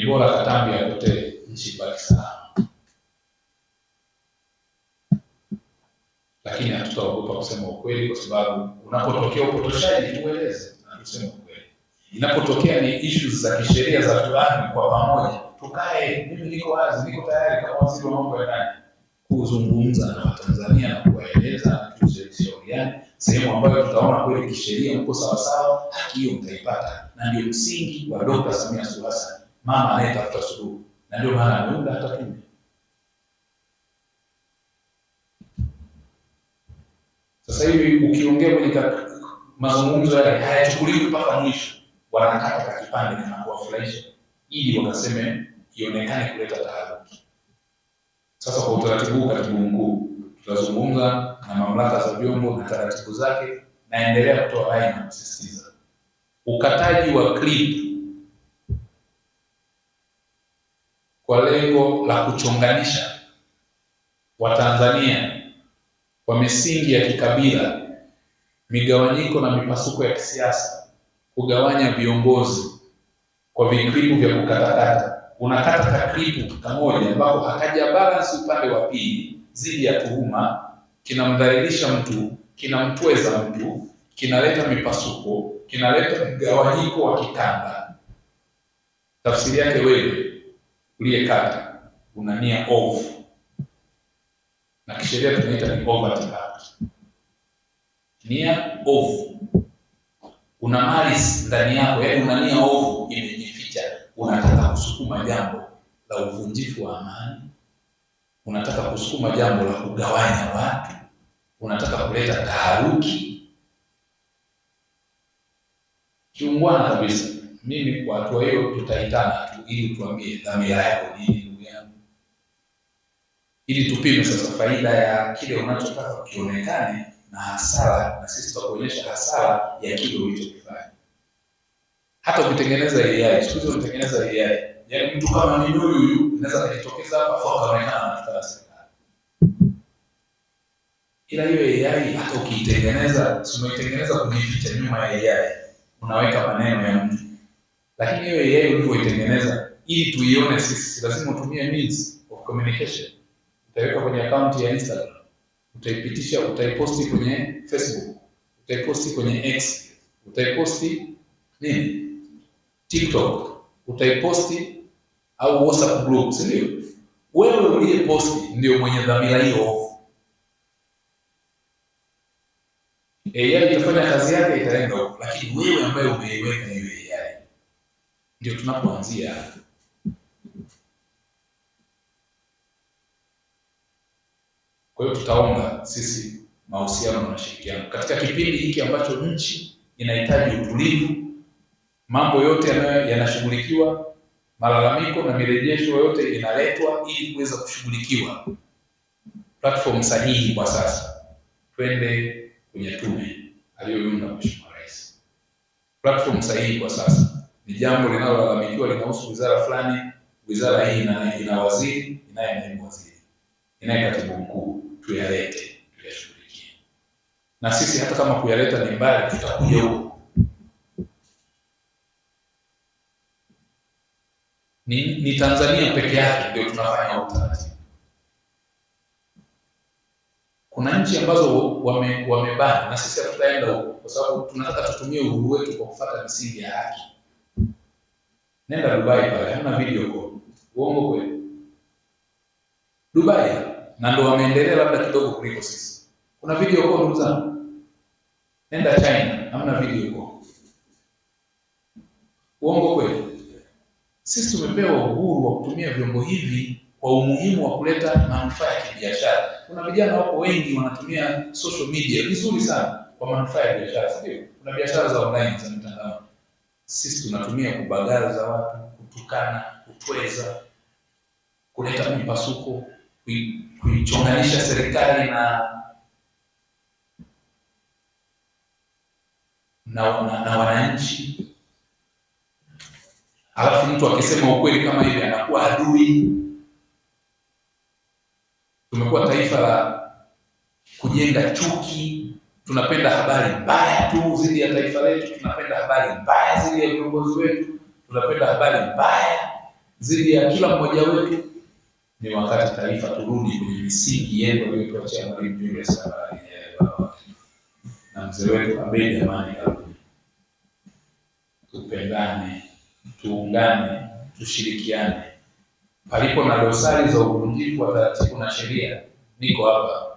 ni bora katambi yapotee, nchi ibaki salama. Lakini hatutaogopa kusema ukweli, kwa sababu unapotokea upotoshaji tueleze na tuseme ukweli. Inapotokea ni ishu za kisheria za fulani, kwa pamoja tukae. Mimi niko wazi, niko tayari kama waziri wa mambo ya ndani kuzungumza na Watanzania na kuwaeleza tushauriane sehemu ambayo tutaona kweli kisheria mko sawasawa, haki hiyo mtaipata, na ndio msingi wa Dkt. Samia Suluhu Hassan mama anayetafuta suluhu, na ndio maana ameunda hata tume. Sasa hivi ukiongea kwenye mazungumzo yale hayachukuliwi mpaka mwisho, wanakata kwa kipande kuwafurahisha, ili wakaseme ionekane kuleta taharuki. Sasa kwa utaratibu huu, katibu mkuu, tutazungumza na mamlaka za vyombo na taratibu zake. Naendelea kutoa rai na kusisitiza ukataji wa clip kwa lengo la kuchonganisha Watanzania kwa misingi ya kikabila, migawanyiko na mipasuko ya kisiasa, kugawanya viongozi kwa vikripu vya kukatakata. Unakata kakripu kamoja ambapo hakaja balance upande wa pili dhidi ya tuhuma, kinamdhalilisha mtu, kinamtweza mtu, kinaleta mipasuko, kinaleta mgawanyiko wa kikanda. Tafsiri yake wewe uliye kata una nia ovu, na kisheria tunaita ni overt act. Nia ovu, una mali ndani yako, yaani una nia ovu imejificha, unataka kusukuma jambo la uvunjifu wa amani, unataka kusukuma jambo la kugawanya watu, unataka kuleta taharuki, kiungwana kabisa mimi kwa hatua hiyo tutaitana tu, ili tuambie dhamira yako nini, ndugu yangu, ili tupime sasa faida ya kile unachotaka kionekane na hasara, na sisi tutakuonyesha hasara ya kile ulichokifanya. Hata ukitengeneza AI siku hizi unatengeneza AI, yaani mtu kama mimi huyu huyu anaweza kujitokeza hapa kwa kaonekana na serikali, ila hiyo AI hata ukiitengeneza, si unaitengeneza kujificha nyuma ya AI, unaweka maneno ya mtu lakini hiyo yeye ulivyoitengeneza ili tuione sisi, lazima utumie means of communication. Utaiweka kwenye akaunti ya Instagram, utaipitisha, utaiposti kwenye Facebook, utaiposti kwenye X, utaiposti nini TikTok, utaiposti au WhatsApp group, si ndio? Wewe posti ndio mwenye dhamira hiyo. AI itafanya kazi yake, itaenda, lakini wewe ambaye umeiweka ndio tunapoanzia. Kwa hiyo tutaomba sisi mahusiano na ushirikiano katika kipindi hiki ambacho nchi inahitaji utulivu, mambo yote yanashughulikiwa, malalamiko na mirejesho yote inaletwa ili kuweza kushughulikiwa. Platform sahihi kwa sasa, twende kwenye tume aliyoiunda Mheshimiwa Rais. Platform sahihi kwa sasa ni jambo linalolalamikiwa, linahusu wizara fulani. Wizara hii ina, ina waziri, inaye naibu waziri, inaye katibu mkuu. Tuyalete, tuyashughulikie. Na sisi hata kama kuyaleta ni mbali, tutakuja huko. Ni, ni Tanzania peke yake ndio tunafanya utaratibu. Kuna nchi ambazo wamebana wame, na sisi hatutaenda huko, kwa sababu tunataka tutumie uhuru wetu kwa kufuata misingi ya haki. Nenda Dubai pale, hamna video call. Uongo kweli? Dubai na ndo wameendelea labda kidogo kuliko sisi. Kuna video call ndugu zangu. Nenda China, hamna video call. Uongo kweli? Sisi tumepewa uhuru wa kutumia vyombo hivi kwa umuhimu wa kuleta manufaa ya kibiashara. Kuna vijana wako wengi wanatumia social media vizuri sana kwa manufaa ya biashara, sio? Kuna biashara za online za mitandao sisi tunatumia kubagaza watu, kutukana, kutweza, kuleta mipasuko, kuichonganisha serikali na na, na, na wananchi. Halafu mtu akisema ukweli kama hivi anakuwa adui. Tumekuwa taifa la kujenga chuki tunapenda habari mbaya tu dhidi ya taifa letu, tunapenda habari mbaya dhidi ya viongozi wetu, tunapenda habari mbaya dhidi ya kila mmoja wetu. Ni wakati taifa turudi kwenye misingi yetu aliyotuachia Mwalimu Julius Kambarage Nyerere na mzee wetu Abeid Amani Karume. Tupendane, tuungane, tushirikiane. Palipo na dosari za uvunjifu wa taratibu na sheria, niko hapa